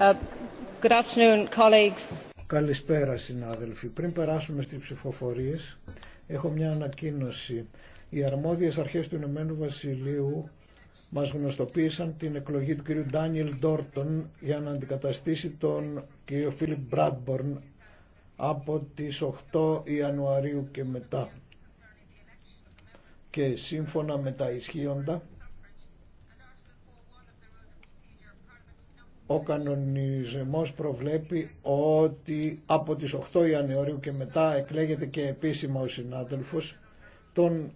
Uh, Καλησπέρα συνάδελφοι. Πριν περάσουμε στις ψηφοφορίες, έχω μια ανακοίνωση. Οι αρμόδιες αρχές του Ηνωμένου Βασιλείου μας γνωστοποίησαν την εκλογή του κ. Ντάνιελ Ντόρτον για να αντικαταστήσει τον κ. Φίλιπ Μπράντμπορν από τις 8 Ιανουαρίου και μετά. Και σύμφωνα με τα ισχύοντα, Ο κανονισμός προβλέπει ότι από τις 8 Ιανουαρίου και μετά εκλέγεται και επίσημα ο συνάδελφος. Τον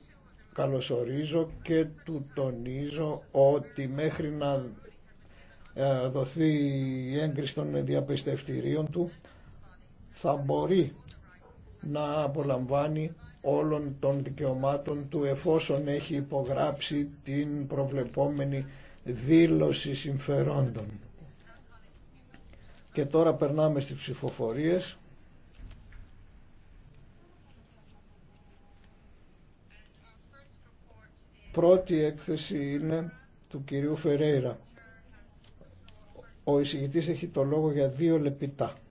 καλωσορίζω και του τονίζω ότι μέχρι να ε, δοθεί η έγκριση των διαπιστευτηρίων του θα μπορεί να απολαμβάνει όλων των δικαιωμάτων του εφόσον έχει υπογράψει την προβλεπόμενη δήλωση συμφερόντων. Και τώρα περνάμε στις ψηφοφορίες. Πρώτη έκθεση είναι του κυρίου Φερέιρα. Ο εισηγητής έχει το λόγο για δύο λεπτά.